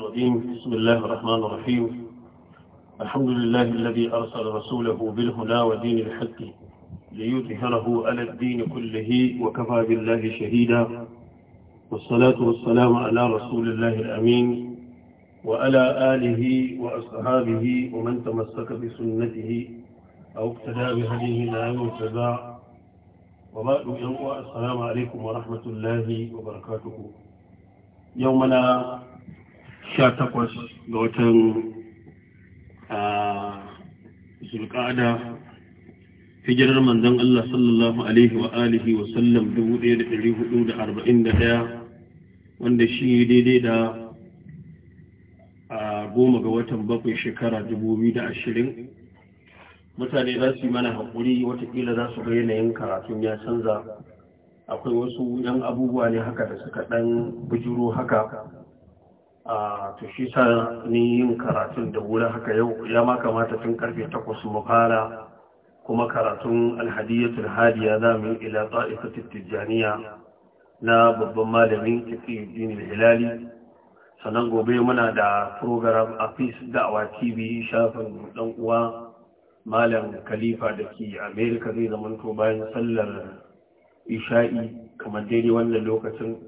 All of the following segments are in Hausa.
الرجيم بسم الله الرحمن الرحيم الحمد لله الذي أرسل رسوله بالهنا ودين الحق ليظهره على الدين كله وكفى بالله شهيدا والصلاة والسلام على رسول الله الأمين وعلى آله وأصحابه ومن تمسك بسنته أو اقتدى بهديه لا ينتزع وبعد السلام عليكم ورحمة الله وبركاته يومنا sha takwas ga watan zulƙada hijirar manzon Allah sallallahu alaihi wa alihi wa sallam 1441 wanda shi daidai da goma ga watan bakwai shekara da ashirin. mutane za su yi mana haƙuri watakila za su ga yanayin karatun ya canza akwai wasu yan abubuwa ne haka da suka ɗan bujuro haka a to shi sa ni yin karatun da wuri haka yau ya ma kamata tun karfe takwas mu fara kuma karatun alhadiyatul hadiya za mu yi ila ta'ifatul tijaniya na babban malamin da hilali sannan gobe muna da program a da da'awa tv shafin dan uwa malam khalifa da ke america zai zamanta bayan sallar isha'i kamar daidai wannan lokacin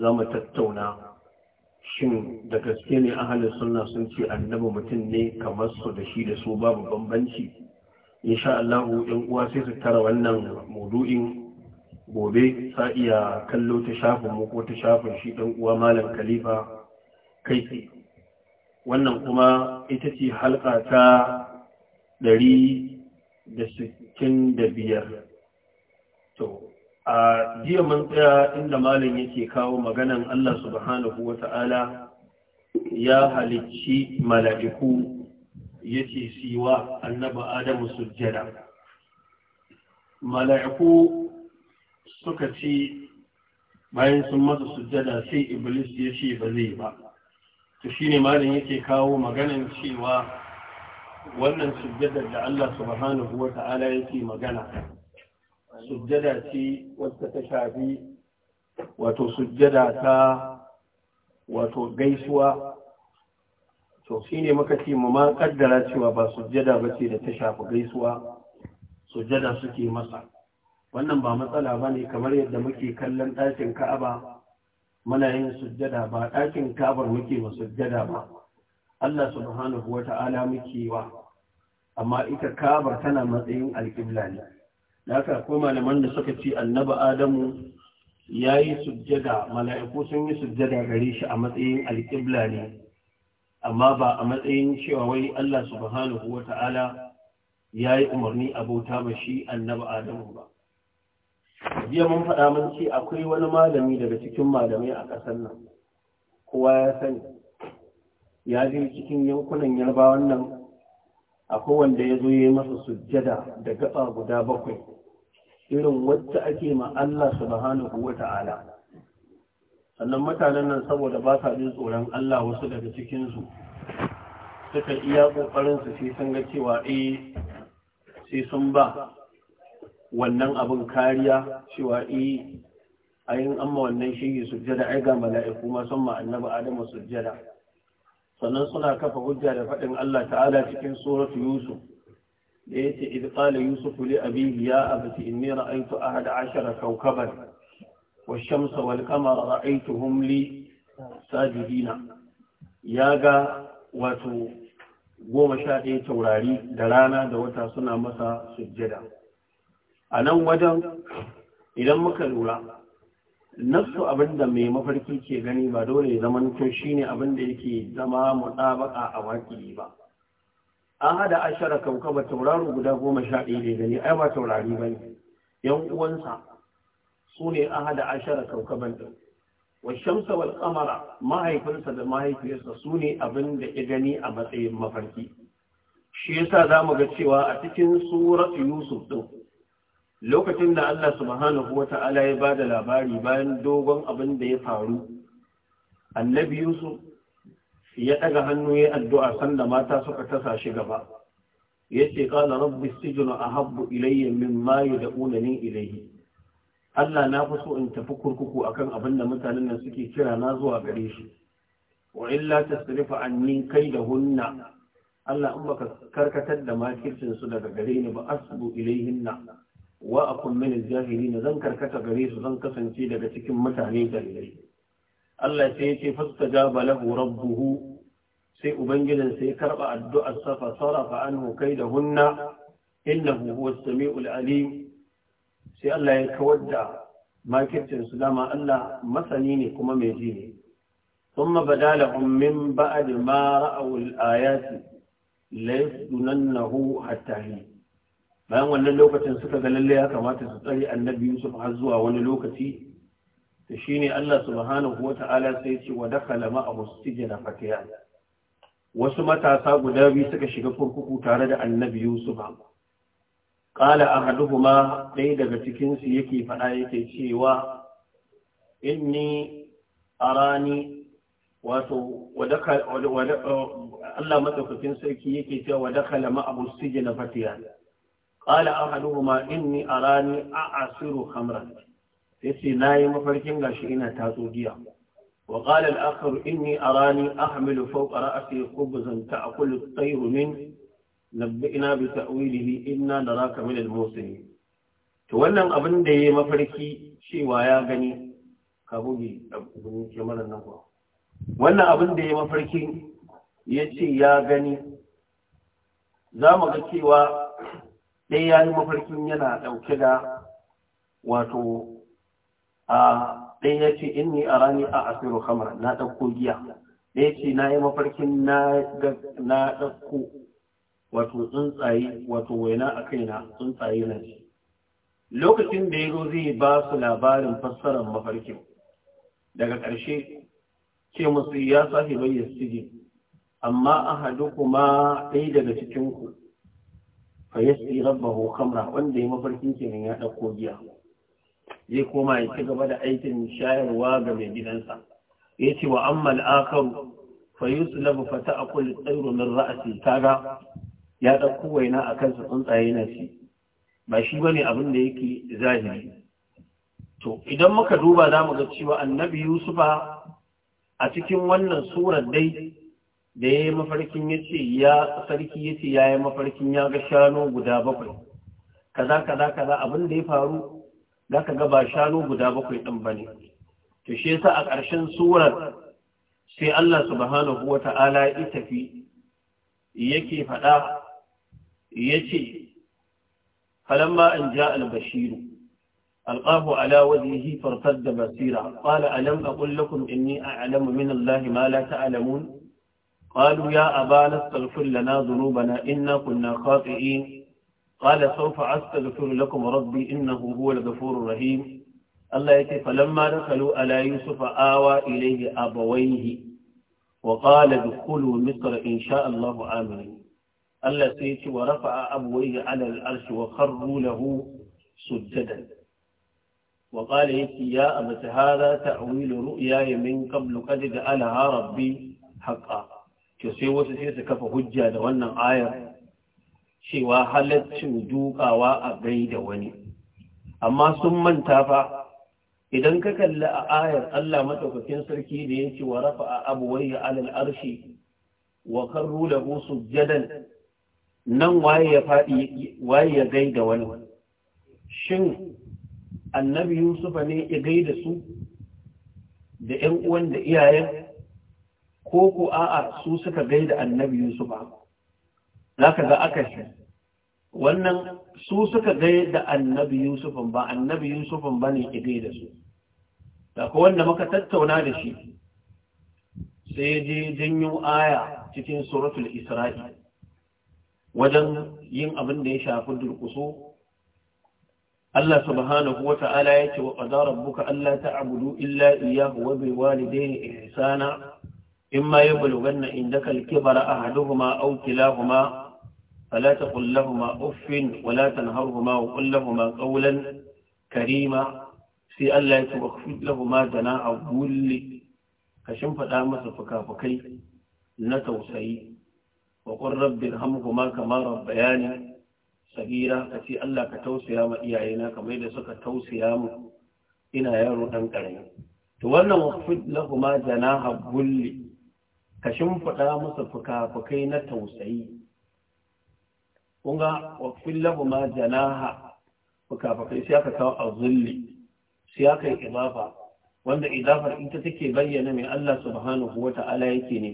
za mu tattauna shin da gaske ne ahalin sunna sun ce annabi mutum ne kamar su da shi da su babu bambanci insha Allah ɗan uwa sai su tara wannan maudu'in gobe sa iya kallo ta shafin mu ko ta shafin shi ɗan uwa malam khalifa kai wannan kuma ita ce halka ta ɗari da sittin da biyar to a jiya mun tsaya inda malam yake kawo maganan Allah subhanahu wa ya halicci mala'iku yake siwa Annabi Adamu sujjada. Mala'iku suka ce bayan sun masa sujjada sai Iblis ya ce ba zai ba. To shi malam yake kawo maganan cewa wannan sujjadar da Allah subhanahu wa ta'ala yake magana. sujjada ce wadda ta shafi wato sujjada ta wato gaisuwa to shine muka ce mu ma kaddara cewa ba sujjada ba ce da ta shafi gaisuwa sujjada suke masa wannan ba matsala bane kamar yadda muke kallon ɗakin Ka'aba muna yin sujjada ba ɗakin Ka'abar muke ba sujjada ba Allah subhanahu wata'ala muke wa amma ita Ka'abar tana matsayin alƙibla ne da haka akwai malaman da suka ce annabi adamu ya yi sujjada mala'iku sun yi sujjada gare shi a matsayin alƙibla ne amma ba a matsayin cewa wai Allah subhanahu wa ta'ala ya yi umarni abota ba shi annabi adamu ba jiya mun faɗa mun ce akwai wani malami daga cikin malamai a ƙasar nan kowa ya sani ya je cikin yankunan yarbawan nan akwai wanda ya zo ya yi masa sujjada da gaba guda bakwai irin wacce ake ma Allah subhanahu wa ta'ala sannan mutanen nan saboda ba sa jin tsoron Allah wasu daga cikinsu suka iya ƙoƙarinsu sai sun ga cewa eh sai sun ba wannan abin kariya cewa eh ayin amma wannan shi sujjada ai ga mala'iku ma san ma annabi adamu sujjada sannan suna kafa hujja da faɗin Allah ta'ala cikin suratu yusuf da yace idh qala yusuf li abihi ya abati inni ra'aytu ahada ashara kawkaban wash-shamsa wal-qamara ra'aytuhum li sajidina ga wato goma sha ɗaya taurari da rana da wata suna masa sujjada a nan wajen idan muka lura nafsu abinda mai mafarki ke gani ba dole zamanto shine abin da yake zama mutabaka a waƙi ba an hada ashara kaukaba tauraro guda goma sha ɗaya da gani ai ba taurari ba ne yan uwansa su ne an hada ashara kaukaban ɗin wa shamsa wal kamara mahaifinsa da mahaifiyarsa su ne abin da ya gani a matsayin mafarki shi yasa za mu ga cewa a cikin surat yusuf ɗin lokacin da Allah subhanahu wa ta'ala ya ba da labari bayan dogon abin da ya faru annabi yusuf ya ɗaga hannu ya addu'a sanda mata suka tasa shi gaba yace qala rabbi sijnu ahabbu ilayya mimma yad'unani ilayhi Allah na fi so in tafi kurkuku akan abin da mutanen nan suke kira na zuwa gare shi wa illa tasrifa anni hunna. Allah in baka karkatar da makircin su daga gare ni ba asbu ilayhinna wa akun min al-jahilin zan karkata gare su zan kasance daga cikin mutane jahilai Allah sai ya ce fastajaba lahu buhu sai ubangijin sai karɓa addu'ar safa da anhu kaidahunna innahu wasu samiul alim sai Allah ya kawar da makircin su dama Allah masani ne kuma mai ji ne ثم بدا لهم من بعد ما رأوا الآيات ليسجننه حتى حين bayan wannan lokacin suka ga lalle ya kamata su tsare annabi Yusuf har zuwa wani lokaci to shine Allah subhanahu ta'ala sai ce wa dakhala ma'ahu sijna fatiyan wasu matasa guda biyu suka shiga kurkuku tare da annabi Yusuf haduhu ma ɗaya daga cikinsu yake faɗa yake cewa inni arani wato Allah matsaukakin sarki yake cewa wa dakhala ma'ahu sijna fatiyan qala ahaduhuma inni yace nayi mafarkin gashi ina tatso giya wa qala al-akhar inni arani ahmilu fawqa ra'si khubzan ta'kulu at-tayr min nabbi'na bi ta'wilihi inna naraka min al-muslimin to wannan abin da yayi mafarki cewa ya gani ka bugi abin kemarar nan ko wannan abin da yayi mafarki yace ya gani za mu ga cewa ɗaya ya yi mafarkin yana ɗauke da wato ɗaya ya ce in ni a rani a asiru kamar na ɗauko giya ɗaya ce na yi mafarkin na ɗauko wato tsuntsaye wato waina a kaina tsuntsaye na ce lokacin da ya zo zai ba su labarin fassarar mafarkin daga ƙarshe ce musu ya sahi bayyar sigi amma a hadu kuma ɗaya daga cikinku fa yasi rabbahu kamra wanda ya mafarkin kenan ya ɗauko giya zai koma ya ci gaba da aikin shayarwa ga mai gidansa ya ce wa amma al'akaru fayus labu fata a kulle tsairu min ra'asi kaga ya ɗauko waina a kansa tsuntsaye na shi ba shi ba ne abin da yake zahiri to idan muka duba za mu ga cewa annabi yusufa a cikin wannan surar dai da ya yi mafarkin ya ce ya sarki ya ce ya yi mafarkin ya ga shanu guda bakwai kaza kaza kaza abin da ya faru za ka gaba shanu guda bakwai ɗin ba ne to shi a ƙarshen surar sai Allah subhanahu wa ta'ala ya tafi yake faɗa ya ce falamma an ja albashiru alƙahu ala wajihi farfar da basira ƙwala alam a ƙullakun inni a alamu min Allah ma la ta'alamun قالوا يا أبانا استغفر لنا ذنوبنا إنا كنا خاطئين قال سوف أستغفر لكم ربي إنه هو الغفور الرحيم الله يتي فلما دخلوا على يوسف آوى إليه أبويه وقال ادخلوا مصر إن شاء الله آمنين الله سيتي ورفع أبويه على العرش وخروا له سجدا وقال يتي يا أبت هذا تأويل رؤياي من قبل قد جعلها ربي حقا كسي وسيسي كف حجة لونا آية cewa halaccin dukawa a da wani amma sun manta fa idan ka kalli a ayar Allah madaukakin sarki da yake wa rafa'a abuwayya alal arshi wa karru lahu sujjadan nan waye ya fadi waye ya gaida wani shin annabi Yusuf ne ya gaida su da ƴan uwan da iyayen ko ko a'a su suka gaida annabi Yusuf ka ga aka shi. wannan su suka gaya da annabi yusufin ba annabi yusufin ba ne ki da su Daga wanda muka tattauna da shi sai je janyo aya cikin suratul isra'i wajen yin abin da ya shafi durkuso Allah subhanahu wa ta'ala ya ce wa ƙada rabbuka Allah ta abudu illa iyahu wa bil walidayni ihsana imma yablughanna indaka a haduhu ahaduhuma auki kilahuma فلا تقل لهما أف ولا تنهرهما وقل لهما قولا كريما في ألا يتوخفض لهما جناع الذل كشنف دامس فكافكي نتوسعي وقل رب ارحمهما كما ربياني صغيرا كتي ألا كتوسيا ما إيعينا كما إذا سك توسيا ما إنا يارو أنكرين تولنا وخفض لهما جناع الذل كشنف دامس فكافكي نتوسعي kun ga wa kullahu ma janaha fukafakai sai aka kawo azulli sai aka idafa wanda idafar ita take bayyana mai Allah subhanahu wata'ala yake ne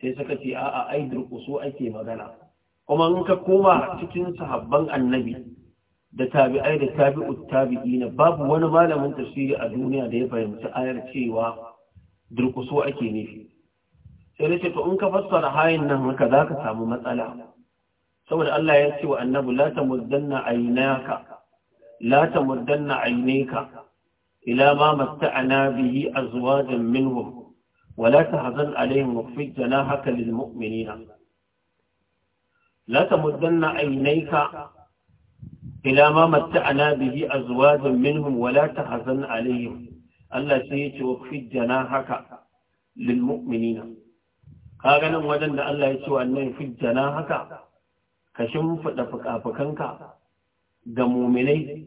sai suka ce a'a ai durkusu ake magana kuma in ka koma cikin sahabban annabi da tabi'ai da tabi'ut tabi'ina babu wani malamin tafsiri a duniya da ya fahimci ayar cewa durkusu ake nufi sai da ce to in ka fassara hayin nan haka za ka samu matsala saboda Allah ya ce wa annabi la tamuddanna aynaka la tamuddanna aynaka ila ma matta'ana bihi azwajan minhum wa la tahzan alaihim wakhfid janahaka lil mu'minina la tamuddanna aynaka ila ma matta'ana bihi azwajan minhum wa la tahzan alaihim Allah sai ya ce wakhfid janahaka lil mu'minina kaga nan wajen da Allah ya ce wa annabi fid janahaka ka shimfiɗa fuka-fukanka ga muminai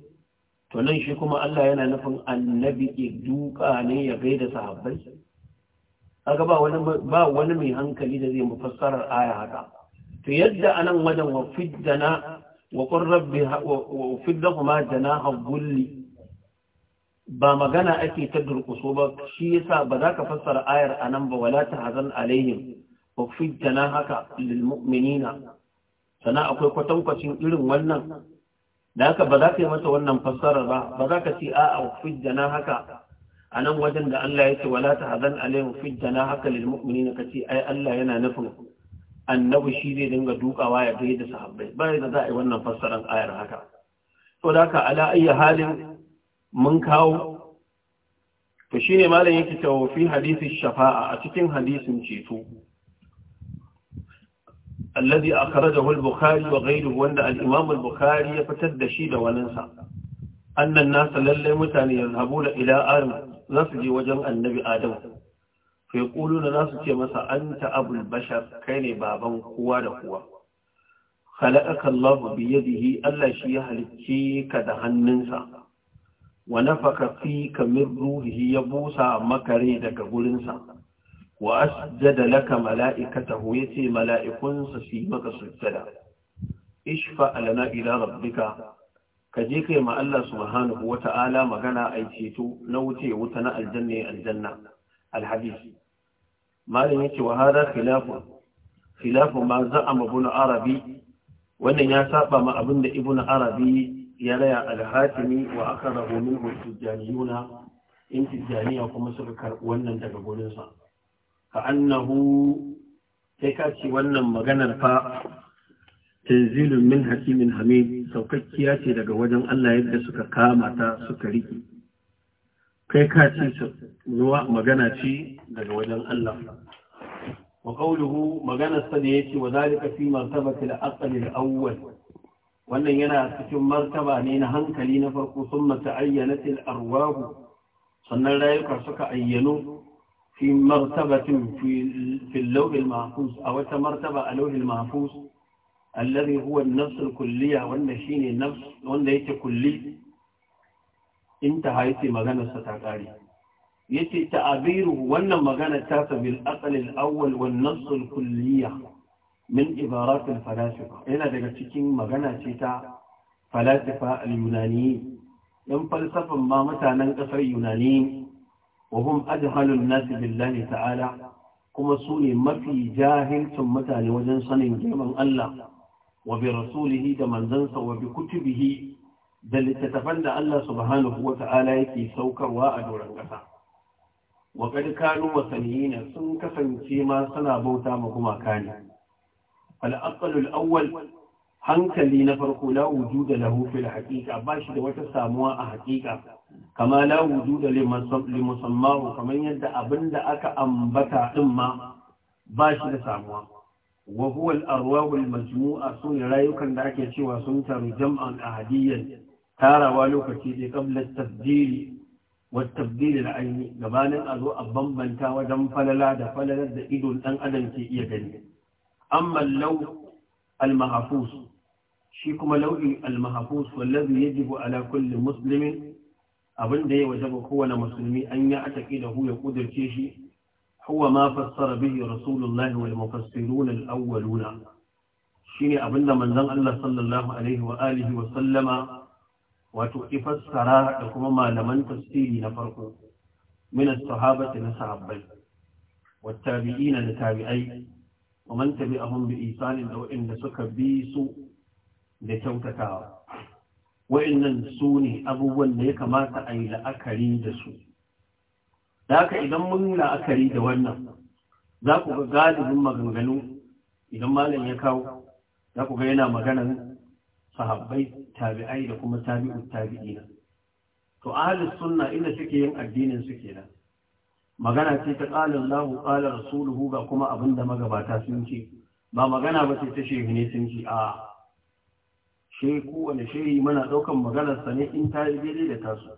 to nan shi kuma Allah yana nufin annabi ya duka ne ya gaida sahabbai kaga ba wani ba wani mai hankali da zai mufassarar aya haka to yadda anan wajen wa fiddana wa qur rabbi ba magana ake ta durkuso ba shi yasa ba za ka fassara ayar anan ba wala ta hazan alaihim wa fiddana haka lil mu'minina sana akwai kwatankwacin irin wannan da haka ba za ka yi masa wannan fassarar ba ba za ka ce a a na haka a nan wajen da Allah ya ce wala ta hazan alaihim na haka lil mu'minina ka ce ai Allah yana nufin annabi shi zai dinga dukawa ya gaida da sahabbai ba da za a yi wannan fassarar ayar haka to da haka ala ayyi halin mun kawo to shine malam yake cewa fi hadisi shafa'a a cikin hadisin ceto alladhi akhrajahu al-bukhari wa ghayruhu wanda al bukhari ya fitar da shi da waninsa annan nasa lalle mutane yazhabuna ila adam za su je wajen annabi Adamu. fa na za su ce masa anta abul bashar kai ne baban kowa da kowa خلقك Allah shi ya شي ka da hannunsa ونفخ فيك من روحه يبوسا مكري daga gurinsa wa asjada laka mala'ikatahu yace mala'ikunsa su yi maka sujjada ishfa lana ila rabbika ka je kai ma Allah subhanahu wata'ala magana ai ceto na wuce wuta na aljanna aljanna alhadisi malam yace wa hada khilafu khilafu ma za'ama ibn arabi wannan ya saɓa ma abinda ibn arabi ya raya alhatimi wa akarahu minhu tijjaniyuna in tijjaniya kuma suka karɓi wannan daga gurinsa annahu sai ka ce wannan maganar fa tanzilun min hakimin hamid saukakkiya ce daga wajen Allah yadda suka kama ta suka riƙe. kai ka ce zuwa magana ce daga wajen Allah wa qawluhu maganar sa da yace wa zalika fi martabati al-aqli al-awwal wannan yana cikin martaba ne na hankali na farko sun mata'ayyanatil arwahu sannan rayuka suka ayyano في مرتبة في في اللوح المحفوظ أو مرتبة اللوح المحفوظ الذي هو النفس الكلية والنشين النفس والنيت كلي يتي مغانا ستعقاري يتي تعبيره وانا مغانا تاتا بالأقل الأول والنفس الكلية من عبارات الفلاسفة إلى تكين مغانا تيتا فلاسفة اليونانيين ينفلسفة ما متى ننقصر اليونانيين وهم أدخل الناس بالله تعالى كما سوني ما في جاهل ثم تاني وجن صنم جمع الله وبرسوله دمن زنس وبكتبه دل تتفند الله سبحانه وتعالى يكي سوكر وأدور القصة وقد كانوا وثنيين سنكفا فيما صنع بوتا مهما كان فالأقل الأول hankali na farko la wujuda lahu fil haqiqa ba shi da wata samuwa a haqiqa kama la da li musammahu kamar yadda abin da aka ambata ɗin ma ba shi da samuwa wa huwa al-arwahu majmua sun rayukan da ake cewa sun taru jam'an ahadiyyan tarawa lokaci da qabla at-tabdil wa at-tabdil al-ayni gabanin a zo a bambanta wajen falala da falalar da idon dan adam ke iya gani amma law al-mahfuz shi kuma lawi al-mahfuz wallazi yajibu ala kulli muslimin abin da ya wajaba kowane musulmi an yi ataki da hu ya kudirce shi huwa ma fassara bihi rasulullahi wal mufassirun al awwaluna shine abin da manzon Allah sallallahu alaihi wa alihi wa sallama wato ifassara da kuma malaman tafsiri na farko min as-sahabati na sahabbai والتابعين لتابعي ومن da suka bi su da kyautatawa. wa'annan su ne abubuwan da ya kamata a yi la'akari da su da haka idan mun la'akari da wannan za ku ga galibin maganganu idan malam ya kawo za ku ga yana maganan sahabbai tabi'ai da kuma tabi'u na to ahli sunna inda suke yin addinin su kenan magana ce ta qala Allah qala rasuluhu ga kuma abinda magabata sun ce ba magana ba ce ta shehu ne sun ce a shehu wani shehi muna daukan maganarsa ne in ta yi daidai da tasu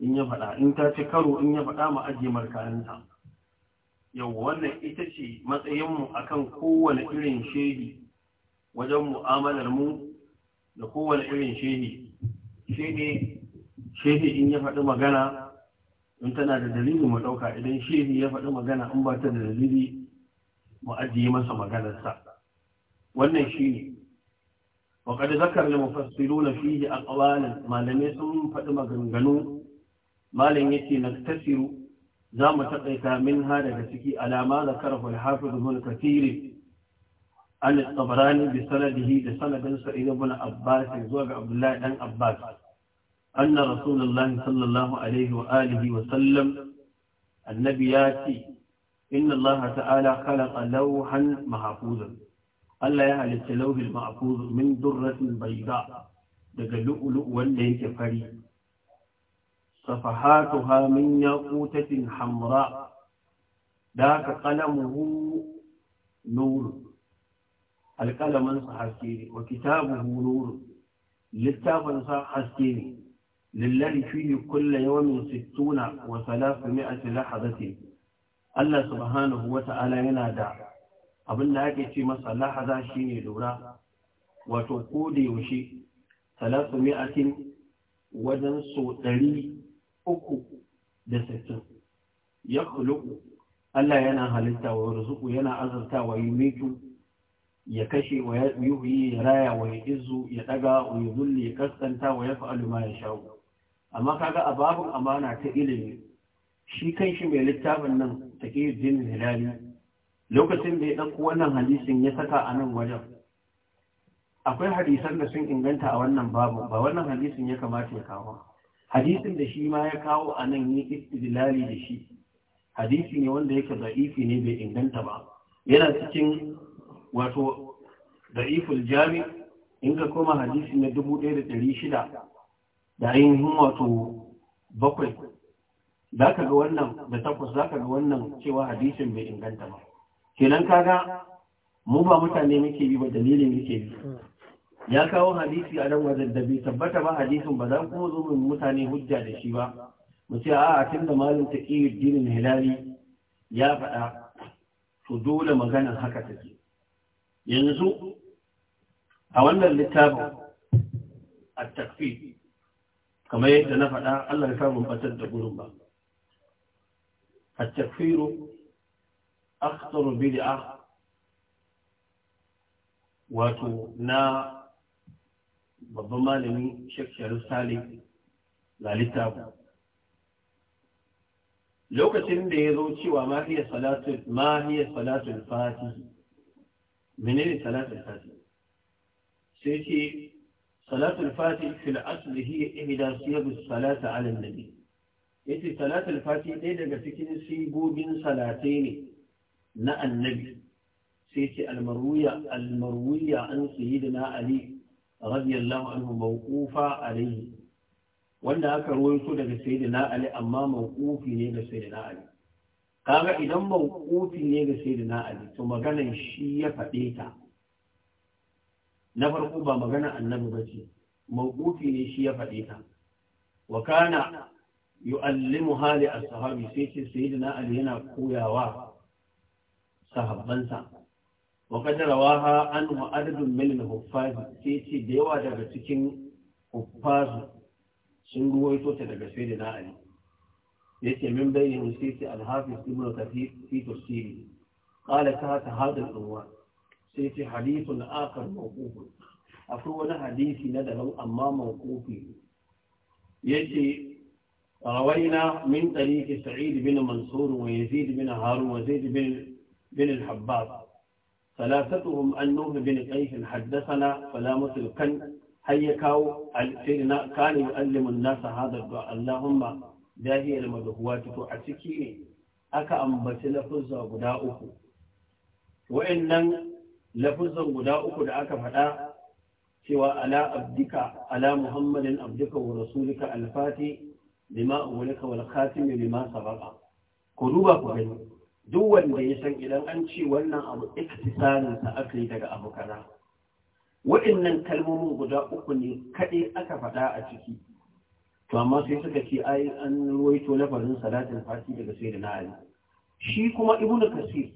in ya faɗa in ta ci karo in ya faɗa ma aje markaninta yau wannan ita ce matsayinmu akan kowane irin shehi wajen mu'amalar mu da kowane irin shehi shehi shehi in ya faɗi magana in tana da dalili mu ɗauka idan shehi ya faɗi magana in ba ta da dalili mu ajiye masa maganarsa wannan shi ne وقد ذكر المفسرون فيه أقوالا ما لم يسمى فدما غنغنو ما لم يتي نكتسر زام تقيت من هذا كسكي على ما ذكره الحافظ ابن كثير عن الطبراني بسنده بسند سعيد بن عباس زوج عبد الله بن عباس أن رسول الله صلى الله عليه وآله وسلم النبيات إن الله تعالى خلق لوحا محفوظا Allah ya halitta lauhin ma'akuz min durratin bayda daga lu'ulu wanda yake fari safahatuha min yaqutatin hamra da ka qalamuhu nur alqalaman sa haske ne wa kitabuhu nur littafin sa haske ne lillahi fihi kullu yawmin 60 wa 300 lahadatin Allah subhanahu wa ta'ala yana da abin da ake ce masa lahaza shine lura wato ko da yaushe talatu mi'atin wajen so ɗari uku da sittin ya kuluku Allah yana halitta wa rizuku yana azurta wa yumitu ya kashe wa yuhi, ya raya wa ya izu ya daga wa ya zulli ya kaskanta wa ya fa'alu ma ya sha'u amma kaga a babun amana ta ilimi shi kan shi mai littafin nan take jinin hilali lokacin da ya ɗauko wannan hadisin ya saka a nan wajen akwai hadisan da sun inganta a wannan babu ba wannan hadisin ya kamata ya kawo hadisin da shi ma ya kawo a nan yi istidlali da shi hadisi ne wanda yake za'ifi ne bai inganta ba yana cikin wato za'iful jami in ka koma hadisi na dubu ɗaya da ɗari shida da ainihin wato bakwai za ka ga wannan da takwas za ka ga wannan cewa hadisin bai inganta ba kenan kaga mu ba mutane muke yi ba dalilin muke yi ya kawo hadisi a nan wajen da bai tabbata ba hadisin ba za ku zo mu mutane hujja da shi ba mu ce a'a tunda da malam dinin hilali ya faɗa to dole maganar haka take yanzu a wannan littafin a kamar yadda na faɗa Allah ya samu batar da gurin ba at-takfiru akhtar bid'a wato na babban malami Sheikh Sharif Salih lalita lokacin da ya zo cewa ma hiya salatul ma hiya salatul fatih menene salatul fatih صلاة الفاتح في الأصل هي إحدى الصلاة على النبي. إذا صلاة الفاتح إذا كتكن سيبو بن صلاتين na annabi sai ce almarwiya almarwiya an sayyidina ali radiyallahu anhu mawqufa alayhi wanda aka rawaito daga sayyidina ali amma mawqufi ne ga sayyidina ali kaga idan mawqufi ne ga sayyidina ali to maganan shi ya faɗe ta na farko ba magana annabi ba ce mawqufi ne shi ya faɗe ta wa kana yu'allimu hali ashabi sai ce sayyidina ali yana koyawa sahabbansa wa wa ha an wa adadun milin hufazi sai ce da yawa daga cikin hufazi sun ruwaito ta daga sai da sayyidina Ya ce min bayyana sai ce hafiz ibn kathir fi tafsiri qala ta ta hadal ɗanwa sai ce hadithun akhar mawquf akwai wani hadisi na daban amma Ya ce min tsari ke Sa'idu bin Mansur wa منصور bin Harun wa وزيد bin. بن الحباب ثلاثتهم عن نوح بن قيس حدثنا سلامة الكن هيكاو سيدنا كان يؤلم الناس هذا الدعاء اللهم داهي المدهوات تعسكيني أكا أنبت لفظة غداؤك وإن لفظة غداؤك دعاك فتا سوى على عبدك على محمد عبدك ورسولك الفاتي لما أولك والخاتم لما سبق قلوبك بينك duk wanda ya san idan an ce wannan abu iktisanin sa aka yi daga abu kaza waɗannan kalmomin guda uku ne kaɗai aka faɗa a ciki to amma sai suka ce ai an ruwaito farin salatin fati daga sai da na shi kuma ibnu kasir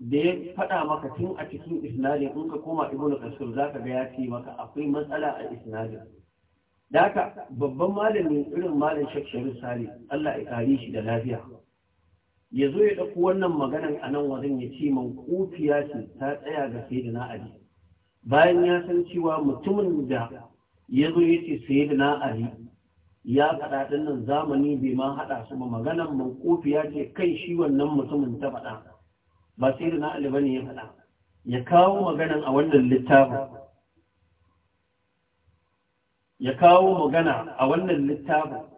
da ya faɗa maka tun a cikin isnadin in ka koma ibnu kasir zaka ga ya ce maka akwai matsala a isnadin da haka babban malami irin malam shakshari sale Allah ya kare shi da lafiya ya zo ya ɗauko wannan maganan a nan wajen ya ce man kofiya ce ta tsaya ga sai da na'ari bayan ya san cewa mutumin da ya zo ya ce sai da na'ari ya faɗa ɗin nan zamani bai ma haɗa su ba maganan man kofiya ce kai shi wannan mutumin ta faɗa ba sai da na'ari ba ne ya faɗa ya kawo maganan a wannan littafin ya kawo magana a wannan littafin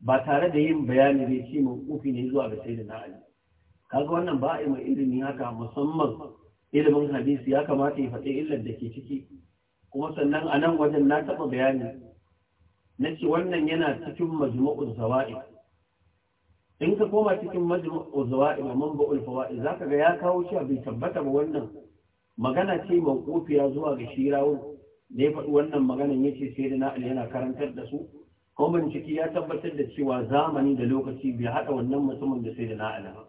ba tare da yin bayani shi mun kufi ne zuwa ga sayyidina ali kaga wannan ba a yi ilimi haka musamman ilimin hadisi ya kamata ya faɗi illar da ke ciki kuma sannan a nan wajen na taɓa bayani na ce wannan yana cikin majmu'ul zawa'i in ka koma cikin majmu'ul zawa'i mun ba'ul fawa'i zaka ga ya kawo shi bai tabbata ba wannan magana ce mawqufiya zuwa ga Shirawo, da ya faɗi wannan maganan yace sai da na yana karantar da su ko ciki ya tabbatar da cewa zamani da lokaci bai haɗa wannan mutumin da sai da na'ala ba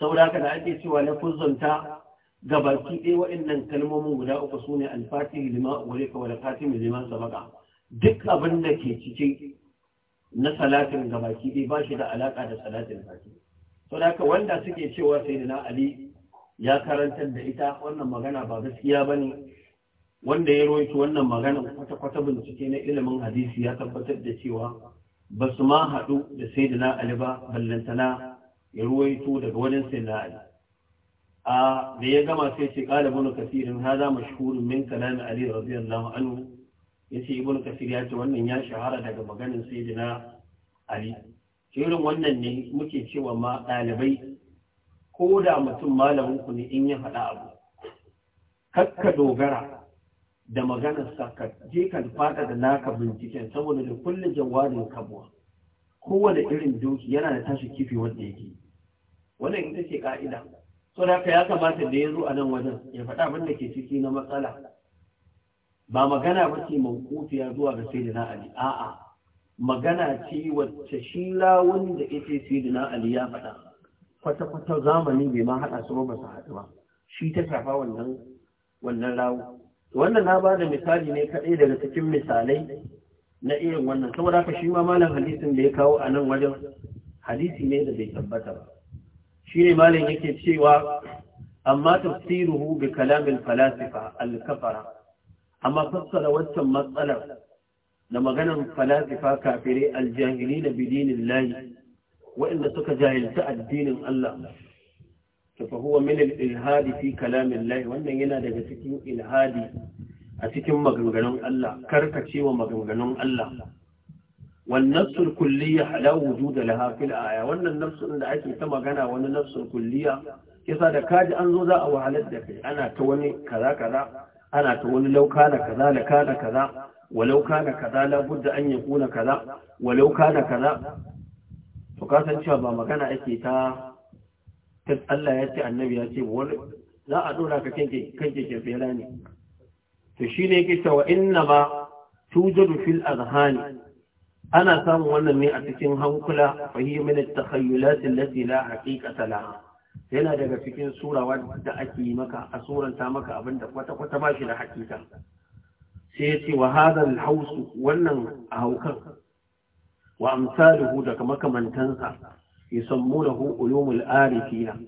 saboda haka da ake cewa na fuzzanta ga baki ɗaya waɗannan kalmomin guda uku sune ne alfatihi lima walika wal khatimi lima sabaka duk abin da ke ciki na salatin ga baki ɗaya ba shi da alaka da salatin fati. saboda haka wanda suke cewa sai da na'ali ya karantar da ita wannan magana ba gaskiya bane wanda ya roito wannan maganan kwata-kwata bincike na ilimin hadisi ya tabbatar da cewa ba su ma haɗu da sayyidina Ali ba ballantana ya ruwaito daga wajen sayyidina Ali. A da ya gama sai ce ƙala bunu kasirin ha za mashhurin min kalami Ali radiyallahu anhu ya ce ibnu kasir ya ce wannan ya shahara daga maganin sayyidina Ali. Irin wannan ne muke cewa ma ɗalibai ko da mutum malamin ku ne in ya faɗa abu. Kakka dogara da maganar ka je ka fada da naka binciken saboda da kulle jawabin kabuwa kowane irin doki yana da tashi kifi wanda yake wannan ita ce ka'ida so da ya kamata da ya zo a nan wajen ya faɗa abin da ke ciki na matsala ba magana ba ce ya zuwa ga sai na ali a'a magana ce wacce shi rawun da ita sai ali ya faɗa kwata-kwata zamani bai ma haɗa su ba su haɗu ba shi ta shafa wannan wannan wannan na ba da misali ne kaɗai daga cikin misalai na irin wannan saboda haka shi ma malam hadisin da ya kawo a nan wajen hadisi ne da bai tabbata ba shi ne malam yake cewa amma tafsiruhu bi kalamin falasifa al-kafara amma fassara waccan matsalar da maganan falasifa kafirai aljahili da bidinin layi waɗanda suka jahilta addinin Allah to fa huwa min ilhadi fi kalamin Allah wannan yana daga cikin ilhadi a cikin maganganun Allah karkacewa maganganun Allah wan nafsul kulliyya ala wujud laha fil aya wannan nafsun da ake ta magana wani nafsul kulliyya Kisa da kaji an zo za a wahalar da kai ana ta wani kaza kaza ana ta wani lauka na kaza la kana kaza walau kana kaza la budda an yakuna kaza walau kana kaza to kasancewa ba magana ake ta duk Allah ya ce annabi ya ce wani za a dora ka kanke kanke ke bela ne to shine yake cewa inna ma tujadu fil azhani ana samun wannan ne a cikin hankula fahimin at-takhayyulat allati la haqiqata laha yana daga cikin surawa da ake yi maka a suranta maka abin da kwata kwata ba shi da hakika sai yace wa hadha al-haus wannan haukan wa amsaluhu da makamantansa yusammunahu ulumul arifina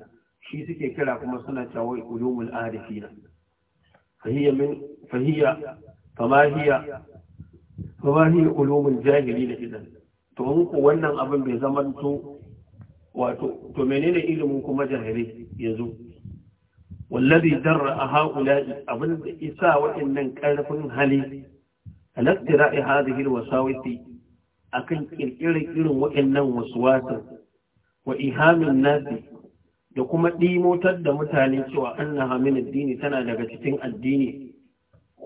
shi suke kira kuma suna cewa ulumul arifina fahiya min fahiya fama hiya fama hiya to in ku wannan abin bai zama to wato to menene ilimin kuma jahili yanzu wallazi darra haula'i abin da isa waɗannan ƙarfin hali alaktira'i hadhihi akan kirkirar irin waɗannan wa ihamin nasi da kuma ɗimotar da mutane cewa annaha min addini tana daga cikin addini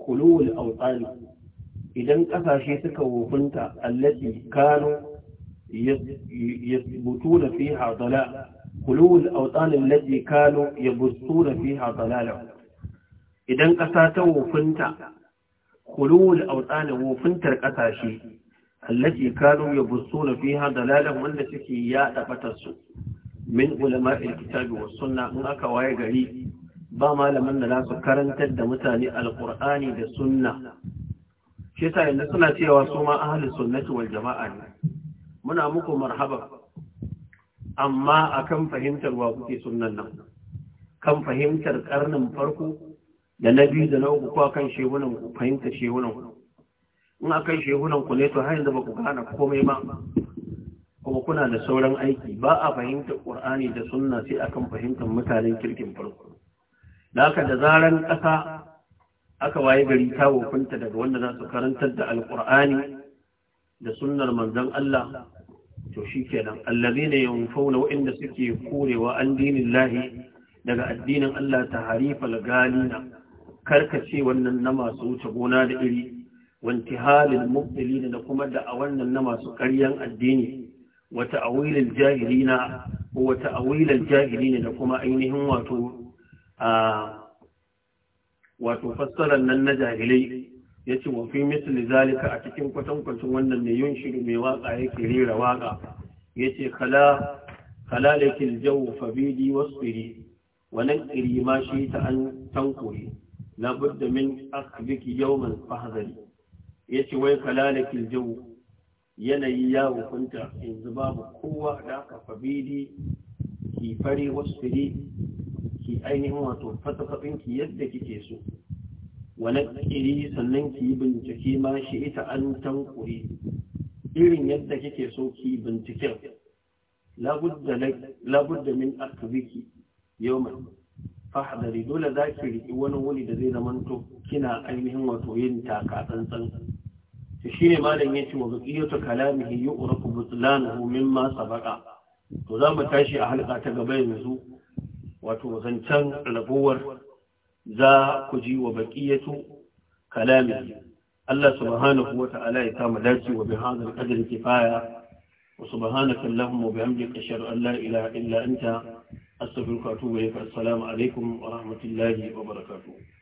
khulul awtani idan ƙasashe suka wofinta allati kanu yasbutuna fiha dalal khulul awtani allati kanu yabsutuna fiha dalal idan ƙasa ta wofinta khulul awtani wofintar ƙasashe. allati kanu yabussuna fiha dalalan wanda suke yada fatarsu min ulama'il kitabi was sunna in aka waye gari ba malaman da za su karantar da mutane Alkur'ani da sunna shi yasa suna cewa suma ma ahlus sunnati wal jama'a ne muna muku marhaba amma akan fahimtar wa kuke sunnan nan kan fahimtar karnin farko da na biyu da na uku ko akan shehunan ku fahimta shehunan ku in akan shehunan ku ne to har yanzu ba ku gane komai ba kuma kuna da sauran aiki ba a fahimtar ƙur'ani da sunna sai akan fahimtar mutanen kirkin farko da haka da zaran ƙasa aka waye gari ta wofinta daga wanda za su karantar da alƙur'ani da sunnar manzon Allah to shi kenan allazina fauna wa'inda suke korewa an dinin lahi daga addinin Allah ta harifa galina karkace wannan na masu wuce gona da iri wantihalil mubtilin da kuma da a wannan na masu ƙaryan addini wa ta'awilil ne wa da kuma ainihin wato fassarar nan na jahilai yace wa fi misli zalika a cikin kwatankwacin wannan ne yun shiru mai waka yake rera waka yace kala kalalakil jawu fabidi wasfiri wannan kirima shi ta an tankuri labudda min akhbiki yawman fahzari ya ce wai kalalakin jawu yanayi ya hukunta yanzu babu kowa da aka fabidi ki fari wasu firi ki ainihin wato fatafaɗin ki yadda kike so wani iri sannan ki yi bincike ma shi ita an tankuri irin yadda kike so ki binciken labudda min akabiki yau mai fahadari dole za ki riƙi wani wuni da zai zamanto kina ainihin wato yin taka tsantsan to shine malam yace wa baqiyatu kalamihi yu'raku butlanuhu mimma sabaqa to za mu tashi a halka ta gaba yanzu wato zancen rabuwar za ku ji wa baqiyatu kalamihi Allah subhanahu wa ta'ala ya kama dace wa bi hadha qadr kifaya wa subhanaka allahumma wa bihamdika ashhadu an la ilaha illa anta astaghfiruka wa atubu alaikum wa rahmatullahi wa